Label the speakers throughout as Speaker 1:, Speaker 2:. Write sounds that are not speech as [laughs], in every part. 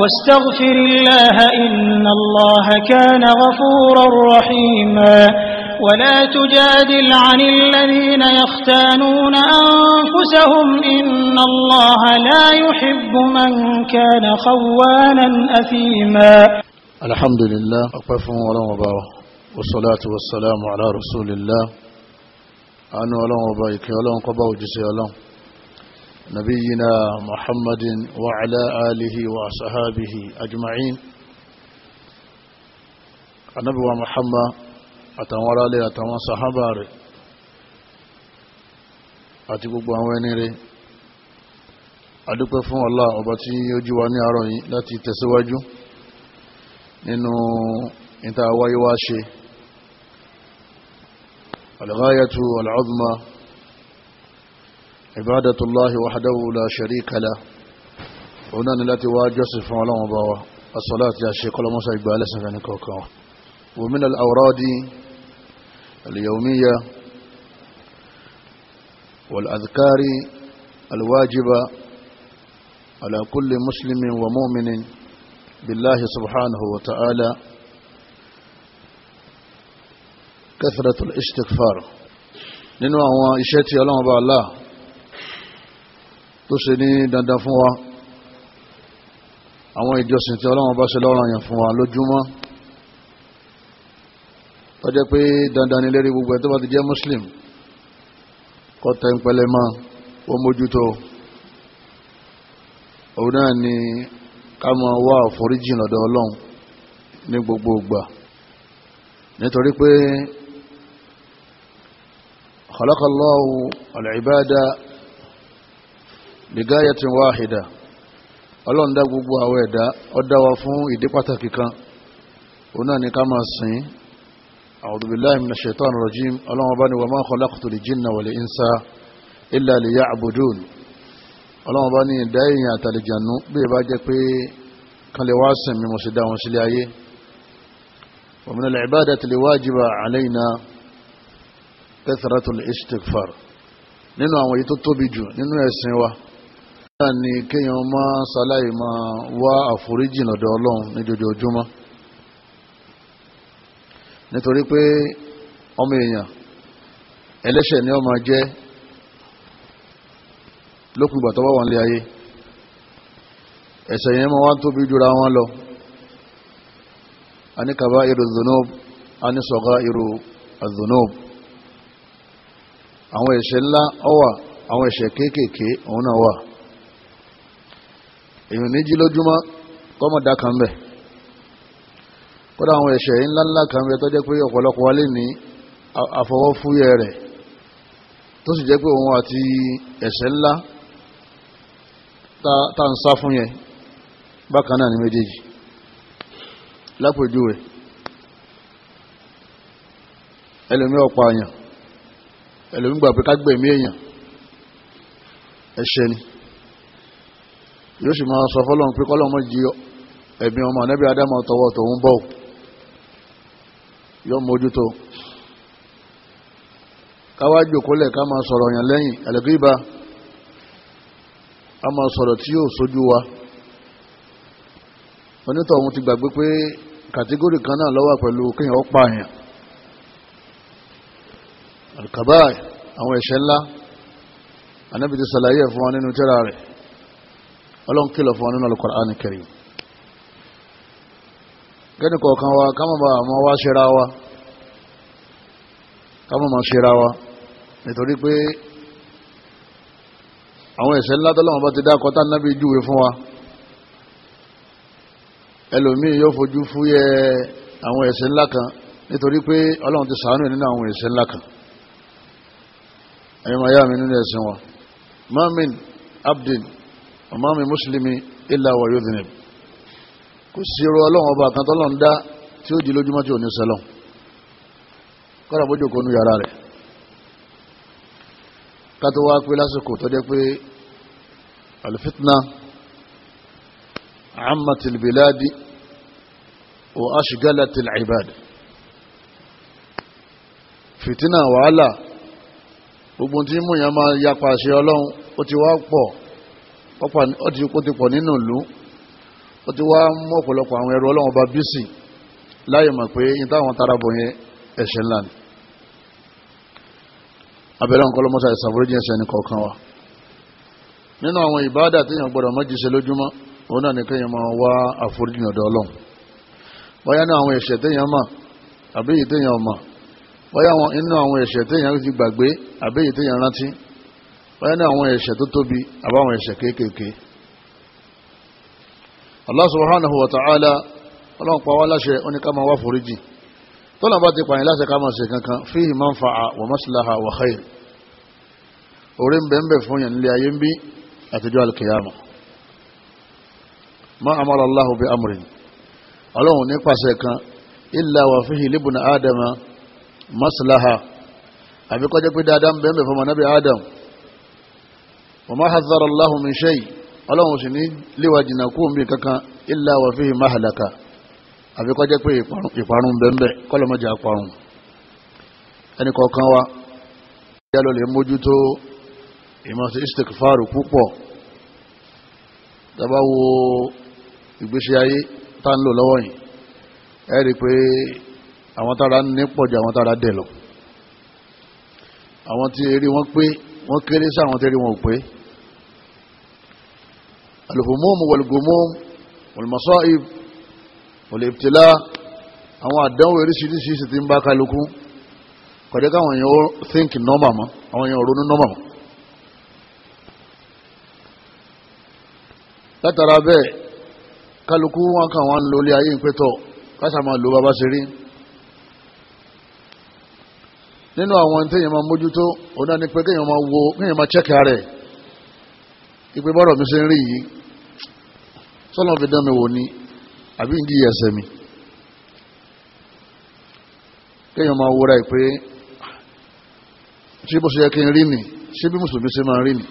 Speaker 1: واستغفر الله إن الله كان غفورا رحيما ولا تجادل عن الذين يختانون أنفسهم إن الله لا يحب من كان خوانا أثيما الحمد لله أقفهم ولا مباوة والصلاة والسلام على رسول الله أنه ولا مبايك ولا مقبا وجسي الله نبينا محمد وعلى آله وصحابه أجمعين النبي محمد أتنورى لي أتنوى صحابة أتبقى وينيري adúpẹ́ fún Allah ọba tí ó jí wa ní àárọ̀ yìí láti tẹ̀síwájú nínú ìta wáyé wá ṣe al-ghayatu al-uzma عبادة الله وحده لا شريك له ونان التي واجه في الله الضوء الصلاة يا شيخ الله موسى إبالة ومن الأوراد اليومية والأذكار الواجبة على كل مسلم ومؤمن بالله سبحانه وتعالى كثرة الاستغفار ننوع وإشتي الله الله tó ṣe ní dandan fún wa àwọn ìjọsìn tí ọlọ́run bá ṣe lọ́rọ̀ yẹn fún wa lójúmọ́ tó jẹ́ pé dandan ni lérí gbogbo ẹ̀ tó bá ti jẹ́ muslim kọ́ tẹ́ ń pẹlẹ mọ́ ó mójútó òun náà ni ká máa wá àforíjì lọ́dọ̀ ọlọ́run ní gbogbo ìgbà nítorí pé khalaqa Allahu al bigayatin wahida ọlọ́run dá gbogbo àwọn ẹ̀dá ó dá wa fún ìdí pàtàkì kan òun náà ni ká máa sìn a'udhu billahi minash shaitani rajim ọlọ́run bá ní wa ma khalaqtul jinna wal insa illa liya'budun ọlọ́run bá ní ìdá èèyàn náà ni kéèyàn máa ṣaláì máa wá àforíjì lọ́dọ̀ ọlọ́run ní jojoojúmọ́ nítorí pé ọmọ èèyàn ẹlẹ́ṣẹ̀ ni ó máa jẹ́ lókùn ìgbà tó bá wà nílé ayé ẹ̀ṣẹ̀ yẹn máa wá tóbi jura wọn lọ a ní kaba irú zunub a ní sọ̀gá irú azunub àwọn ẹ̀ṣẹ̀ ńlá ó àwọn ẹ̀ṣẹ̀ kéékèèké òun náà wà èyàn níjí lójúmọ́ kọ́mọ̀ dá kan bẹ̀ kódà àwọn ẹ̀ṣẹ̀ ńláńlá kan bẹ tó jẹ́ pé ọ̀pọ̀lọpọ̀ wálé ní àfọwọ́fúyẹ́ rẹ̀ tó sì jẹ́ pé òun àti ẹ̀ṣẹ̀ ńlá tá ń sá fún yẹn bákan náà ní méjèèjì lápòjúwe ẹlòmí ọ̀pọ̀ àyàn ẹlòmí gbà pé ká gbẹ̀mí èèyàn ẹ̀ṣẹ̀ ni yóò sì máa sọ fọ́lọ́run pé kọ́lọ́mọ jí ẹ̀mí ọmọ ànábì Ádámù tọwọ́ tòun bọ̀ yóò mójútó káwá jòkólẹ̀ ká máa sọ̀rọ̀ yàn lẹ́yìn àlẹ́gbẹ́bà a máa sọ̀rọ̀ tí yóò sójú wa onítọ̀hún ti gbàgbé pé kàtígórì kan náà lọ́wọ́ pẹ̀lú kíyàn ó pààyàn alkaba àwọn ẹ̀ṣẹ̀ ńlá anábìtì sàlàyé fún nínú tírà rẹ̀ ọlọ́run kìlọ̀ fún ọ nínú Al-Qur'an Al-Karim gẹ́ni kọ̀ọ̀kan wa kámọ̀ bá àmọ́ wá ṣera wa kámọ̀ mọ̀ ṣera wa nítorí pé àwọn ẹ̀ṣẹ̀ ńlá tọ́lọ́wọ́n bá ti dákọ̀ tá júwe fún wa ẹlòmíì yóò fojú fúyẹ́ àwọn ẹ̀ṣẹ̀ ńlá kan nítorí pé ọlọ́run ti ṣàánú nínú àwọn ẹ̀ṣẹ̀ ńlá kan ẹ̀yìn máa yá mi nínú ẹ̀sìn wa mamin abdin ọmọ mi mùsùlùmí ilà wà yóò dìnnì kò sí irú ọlọ́run ọba kan tọ́lọ́run dá tí ó di lójúmọ́ tí ò ní sẹlọ̀ kọ́ra bójú kọ́nu yàrá rẹ̀ ká wá pé lásìkò tó pé alfitna ammatil biladi wa ashgalatil ibad fitina wàhálà gbogbo tí mú yàn máa yapa àṣẹ ọlọ́run ó ti wá pọ̀ ó ti kó ti pọ̀ nínú ìlú ó ti wá mú ọ̀pọ̀lọpọ̀ àwọn ẹrù ọlọ́run bá bísì láyé mọ̀ pé yín táwọn tara bọ̀ yẹn ẹ̀ṣẹ̀ ńlá ni abẹ́rẹ́ nǹkan lọ́mọ́sá ìsàforíjì ẹ̀ṣẹ̀ ní kọ̀ọ̀kan wa nínú àwọn ìbáàdà tí èèyàn gbọ́dọ̀ má jíṣe lójúmọ́ òun náà ni kéèyàn máa wá àforíjì ọ̀dọ̀ báyìí ní àwọn ẹ̀ṣẹ̀ tó tóbi àbáwọn ẹ̀ṣẹ̀ kéékèèké Allah subhanahu wa ta'ala ọlọ́run pa wá láṣẹ ó ní ká máa wá foríjì tọ́lá bá ti pààyàn láṣẹ ká máa ṣe kankan fíhì manfa'a wa maslaha wa khair orí ń bẹ̀ẹ́ fún yẹn nílé ayé ń bí àtijọ́ alkiyama ma bẹ̀ẹ́ وما حذر الله من شيء ọlọ́run sì ní léwà jìnnà kú omi kankan illa wa fihi mahlaka àbí kọjá pé ìparun bẹ́ẹ̀ kọ́lọ́mọjà parun ẹnì kọ̀ọ̀kan wa ìyá lọ lè mójútó ìmọ̀sí istikfaru púpọ̀ dábàá wo ìgbésí ayé tá ń lò lọ́wọ́ yìí ẹ rí i pé àwọn tára ń ní pọ̀jù àwọn tára dẹ̀ lọ àwọn tí eré wọn pé wọ́n kéré sáwọn tẹ́rí wọn ò pé alhumum walgumum walmasa'ib walibtila àwọn àdánwò oríṣiríṣi sì ti ń bá kálukú kọ̀dẹ́ káwọn èèyàn ó think normal mọ́ àwọn èèyàn ronú normal mọ́ látara bẹ́ẹ̀ kálukú wọn kàn wọ́n ń lo ilé ayé káṣà máa lo bàbá ṣe rí nínú àwọn tí èèyàn máa mójútó òun náà ni pé kéèyàn máa wo kéèyàn máa chẹ́kà rẹ̀ ìpè bọ́rọ̀ mi ṣe ń rí yìí sọ́nà fi dán mi wò ni àbí ń díyẹ ẹsẹ̀ mi kéèyàn máa wúra ìpè ṣé bó ṣe yẹ kí n rí ni ṣé bí mùsùlùmí ṣe máa rí ni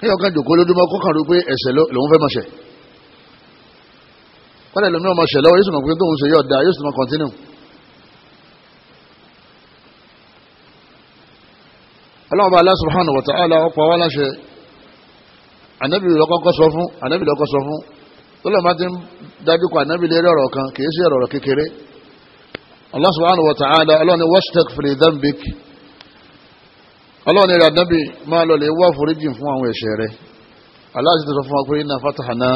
Speaker 1: kéèyàn kan jòkó lójúmọ́ kó kàn pé ẹ̀ṣẹ̀ lòun fẹ́ máa ṣẹ̀ kọ́lẹ̀ lómi ọmọ ṣẹ̀ lọ́wọ́ yóò sì mọ̀ pé tóun ṣe yóò da yóò sì mọ̀ continue. ọlọ́run bá Allah subhanahu wa ta'ala ọ̀pọ̀ wa láṣẹ ànábì lọ́kọ́kọ́ sọ fún ànábì lọ́kọ́ sọ fún tọ́lọ́mà ti ń dájú kọ ànábì lérí ọ̀rọ̀ kan kìí sí ọ̀rọ̀ kékeré Allah subhanahu wa ta'ala ọlọ́run ni wastaghfir dhanbik ọlọ́run rẹ̀ ànábì máa lọ lè wá foríjì fún àwọn ẹ̀ṣẹ̀ rẹ̀ Allah ti sọ fún wa pé inna fatahna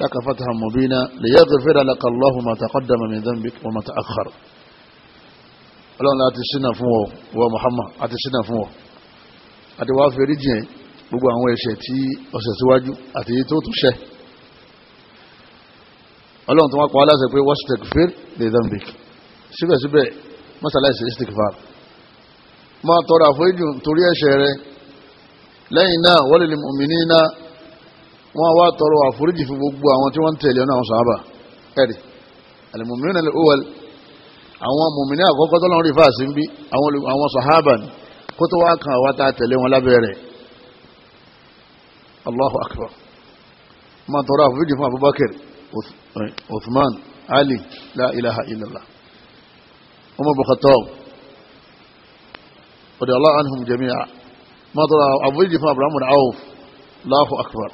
Speaker 1: laka fatahan mubina liyaghfira laka Allahu ma taqaddama min dhanbik wa ma ta'akhkhar ọlọ́run láti ṣínà fún ọ wọ Muhammad àti ṣínà fún ọ àti wàá fèrè jìn gbogbo àwọn ẹ̀ṣẹ̀ tí ọ̀sẹ̀ síwájú àti èyí tó tún ṣẹ̀ ọlọ́run tó wá pa aláṣẹ pé wọ́n ṣètẹ̀kù fèrè lè dánbìkì síbẹ̀síbẹ̀ mọ́sálásì istikfar máa tọrọ àforíjì torí ẹ̀ṣẹ̀ rẹ lẹ́yìn náà wọ́n lè mọ̀mìnì náà wọ́n wá tọrọ àforíjì fún gbogbo àwọn tí wọ́n ń tẹ̀lé ọ̀nà àwọn sàábà ẹ̀rì àlùmọ̀mìnì náà lè ó wọlé àwọn mọ̀mìnì àkọ́kọ́ tó rí fáà sí ń bí àwọn sàábà ni kó tó wá kan àwa tá a tẹ̀lé wọn lábẹ́ rẹ̀ Allahu akbar máa tọrọ àforíjì fún Abubakar Uthman eh, Ali la ilaha illallah Umar bin Khattab radiyallahu anhum jami'a máa tọrọ àforíjì fún Abraham bin Auf Allahu akbar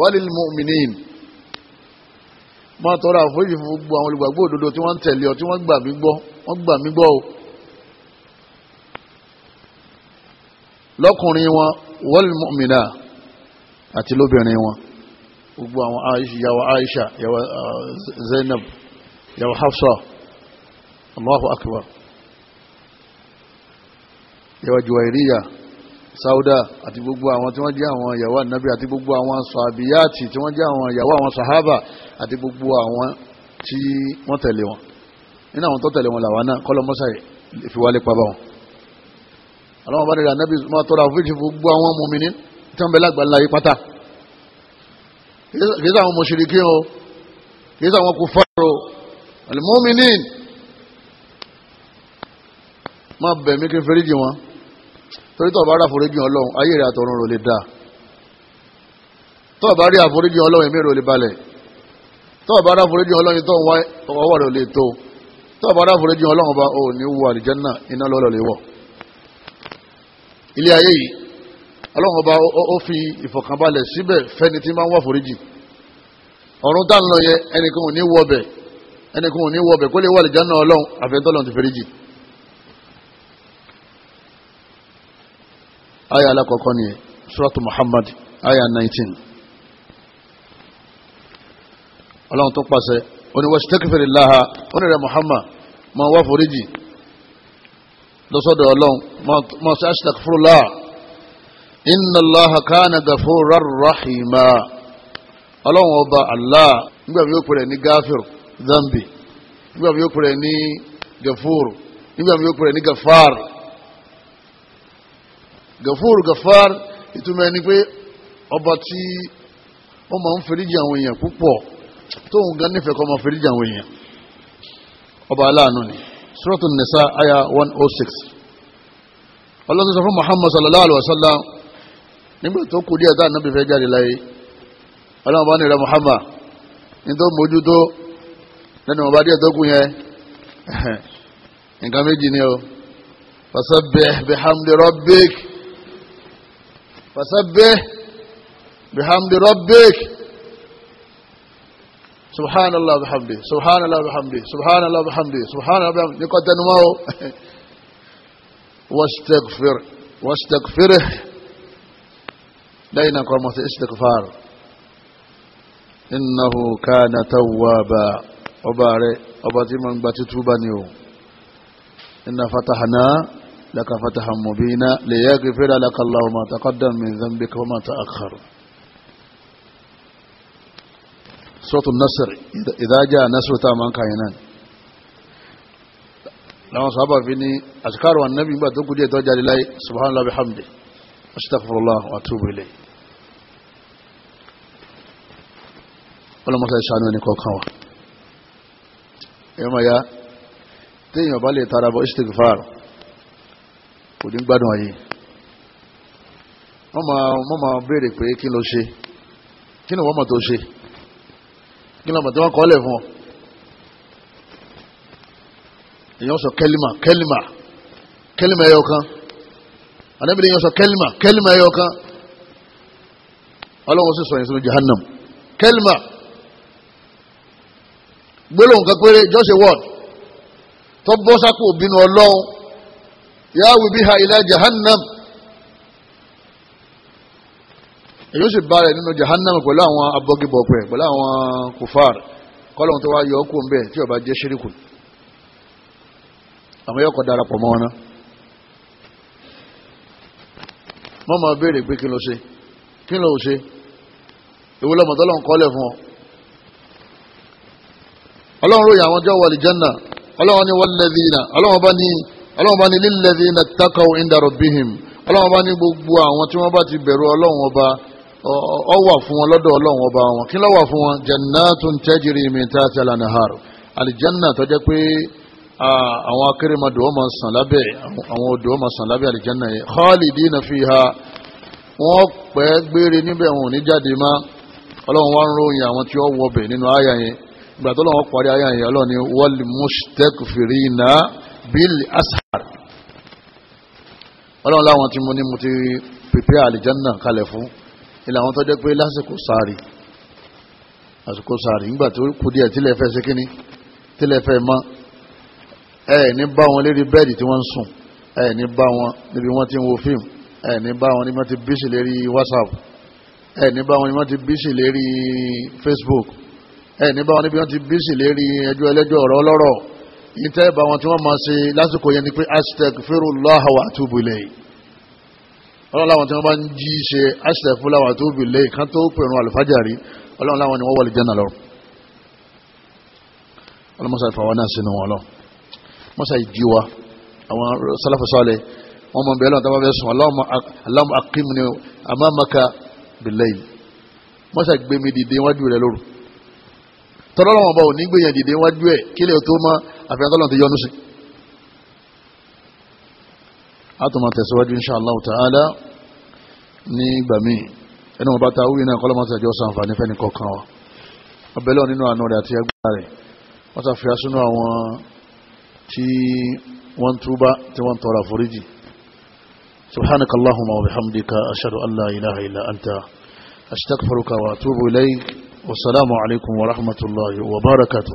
Speaker 1: walil mu'minin máa tọrọ àforíjì fún gbogbo àwọn olùgbàgbọ́ òdodo tí wọ́n tẹ̀lé ọ tí wọ́n gbà mí gbọ́ lọ́kùnrin wọn wal mu'mina àti lóbìnrin wọn gbogbo àwọn yàwó Aisha yàwó uh, Zainab yàwó Hafsa Allahu akbar yàwó Juwairiya Sauda àti gbogbo àwọn tí wọ́n jẹ́ àwọn yàwó Ànábì àti gbogbo àwọn sàbíyàtì tí wọ́n jẹ́ àwọn yàwó àwọn sàhábà àti gbogbo àwọn tí wọ́n tẹ̀lé wọn nínú àwọn tó tẹ̀lé wọn làwọn náà kọ́lọ́mọ́sà ìfiwálé bá wọn ọlọ́wọ́n bá nílẹ̀ anábì máa tọrọ àforíjì fún gbogbo àwọn mùmínì tí wọ́n bẹ lágbàlá yìí pátá kìí sàwọn mùṣírikí o kìí sàwọn kùfàr o àlùmọ́mìnì máa bẹ̀mí kí n fẹ́ríjì wọn torí tọ́ọ̀bá rí àforíjì ọlọ́run ayé rẹ̀ àtọ̀run rò lè dáa tọ́ọ̀bá rí àforíjì ọlọ́run èmi rò lè balẹ̀ tọ́ọ̀bá rí àforíjì ọlọ́run tó ń lè tó tọ́ọ̀bá rí àforíjì ọlọ́run ọba ò ní wọ àlìjánnà iná lọ́lọ́ lè wọ̀ ilé ayé yìí ọlọ́run ọba ó fi ìfọ̀kànbalẹ̀ síbẹ̀ fẹ́ni tí máa ń wá foríjì ọ̀run tá ń lọ yẹ ẹnìkan ò ní wọ ẹnìkan ò ní kó lè wà lè jáná ọlọ́run àfẹ́ntọ́lọ́run ti foríjì. aya alákọ̀ọ́kọ́ ni suratu Muhammad aya 19 ọlọ́run tó pàṣẹ oníwàṣítẹ́kẹ̀fẹ̀rẹ̀ láha onírẹ̀ Muhammad máa wá foríjì lọ́sọ̀dọ̀ ọlọ́run mọ́ sí astaghfirullah inna Allaha kana ghafurar rahima ọlọ́run ọba Allah nígbà bí ó pèrè ní gáfír zambi nígbà bí ó pèrè ní gafur nígbà bí ó pèrè ní gafar gafur gafar ìtumọ̀ ẹni pé ọba tí ó máa ń fèrèjì àwọn èèyàn púpọ̀ tóun gan nífẹ̀ẹ́ kọ́ máa fèrèjì àwọn èèyàn ọba aláàánú ni suratul nisa aya 106 ọlọ́run sọ fún muhammad sallallahu alaihi wa sallam nígbà tó kù díẹ̀ tá ànábì fẹ́ jáde láyé ọlọ́run bá nira muhammad ní tó mójútó lẹ́nu ọba díẹ̀ tó kù yẹn [laughs] nǹkan méjì ni o fasabbih bihamdi rabbik fasabbih bihamdi rabbik. سبحان الله بحمده سبحان الله بحمده سبحان الله بحمده سبحان الله بحمده يقعد تنمو [laughs] واستغفر واستغفره لينا قامت استغفار إنه كان توابا وبارئ وباتي من باتتوباني إن فتحنا لك فتحا مبينا ليغفر لك الله ما تقدم من ذنبك وما تأخر sọ́tún nasir ìdájà nasir tá a máa ń kàyìn náà láwọn sọ́bà fi ní àṣìkárò annabi nígbà tó kújẹ́ tó jáde láyé subhanallah bihamdi astaghfirullah wa atubu ilayh ọlọ́mọsá ìṣàánú ẹni kọ̀ọ̀kan wa ẹ̀yọ́mọ̀ ya téèyàn bá lè tara bọ́ istighfar kò ní gbádùn ayé wọ́n máa béèrè pé kí ló ṣe kí ni wọ́n mọ̀ tó ṣe kí ló mọ̀ tí wọ́n kọ́ lẹ̀ fún ọ. èèyàn sọ kẹlima kẹlima kẹlima ẹyọ kan ànábì èèyàn sọ kẹlima kẹlima ẹyọ kan ọlọ́run sì sọ yẹn sínú jahannam kẹlima gbólóhùn kan péré just a word tó bọ́ sápò bínú ọlọ́run yáwù bíhà ila jahannam. èyí ó sì bá rẹ̀ nínú jahannama pẹ̀lú àwọn abọ́gibọ̀pẹ̀ pẹ̀lú àwọn kùfàr kufar tó wá yọ ọkùn bẹ́ẹ̀ tí ọba jẹ́ ṣíríkù àwọn yọkọ̀ darapọ̀ mọ́ wọn náà wọ́n máa béèrè pé kí ló ṣe kí ló ṣe lọ́mọ kọ́lẹ̀ fún ọ ọlọ́run ròyìn àwọn jọ́ wọlé jẹ́nà ọlọ́run ní walladhina ọlọ́run ọlọ́run bá ní lilladhina inda rabbihim ọlọ́run bá ní gbogbo àwọn tí wọ́n bá ti bẹ̀rù ọlọ́run ọba ọ wà fún wọn lọ́dọ̀ ọlọ́run ọba wọn kí ló wà fún wọn jannatun tajri min tahtiha al-anhar alìjánà tó jẹ́ pé àwọn akérèmọdò ọmọ sàn lábẹ́ àwọn odò ọmọ sàn lábẹ́ alìjánà yẹn khalidina fiha wọ́n pẹ́ gbére níbẹ̀ wọn ò ní jáde má ọlọ́run wá ń ròyìn àwọn tí wọ́n wọbẹ̀ nínú àyà yẹn ìgbà tó lọ́wọ́ parí àyà yẹn ọlọ́run ni wal mustakfirina bil ilẹ̀ àwọn tó jẹ́ pé lásìkò sáré àsìkò sáré nígbà tó kù díẹ̀ tílẹ̀ fẹ́ ṣe kíní tílẹ̀ fẹ́ mọ́ ẹ ní bá wọn lérí bẹ́ẹ̀dì tí wọ́n ń sùn ẹ ní bá wọn níbi wọ́n ti ń wo fíìmù ẹ ní bá wọn níbi wọ́n ti bíṣì lérí whatsapp ẹ ní bá wọn níbi wọ́n ti bíṣì lérí facebook ẹ ní bá wọn níbi wọ́n ti bíṣì lérí ẹjọ́ ẹlẹ́jọ́ ọ̀rọ̀ ọlọ́rọ̀ ìtẹ́ bá wọn tí wọ́n máa ṣe lásìkò yẹn ni pé astagfirullah wa atubu ilayhi ọlọ́run láwọn tí wọ́n bá ń jí ṣe àṣẹfú láwọn tó bì lé ìkan tó pèrún àlùfájàrí ọlọ́run ni wọ́n wọlé jẹ́nà lọ ọlọ́mọṣà ìfàwọn náà sínú wọn lọ mọ́ṣà ìjí wa àwọn sálàfù sálẹ̀ wọ́n mọ̀ amamaka bil-layl mọ́ṣà gbé mi dìde wájú rẹ lóru tọ́lọ́wọ́n bá ò ní gbé yẹn dìde wájú ẹ̀ kílẹ̀ tó àtùmọ̀ tẹ̀síwájú insha Allah ta'ala ní ìgbà míì ẹnu ọba ta wíwí náà kọ́lọ́mọ́ tẹ̀jọ́ sànfàní fẹ́ni kọ̀ọ̀kan wa ọbẹ̀lọ́ nínú àánú rẹ̀ àti ẹgbẹ́ rẹ̀ wọ́n ta fìyà sínú àwọn tí wọ́n túbá tí wọ́n tọrọ àforíjì subhanaka allahumma wa bihamdika ashhadu an la ilaha illa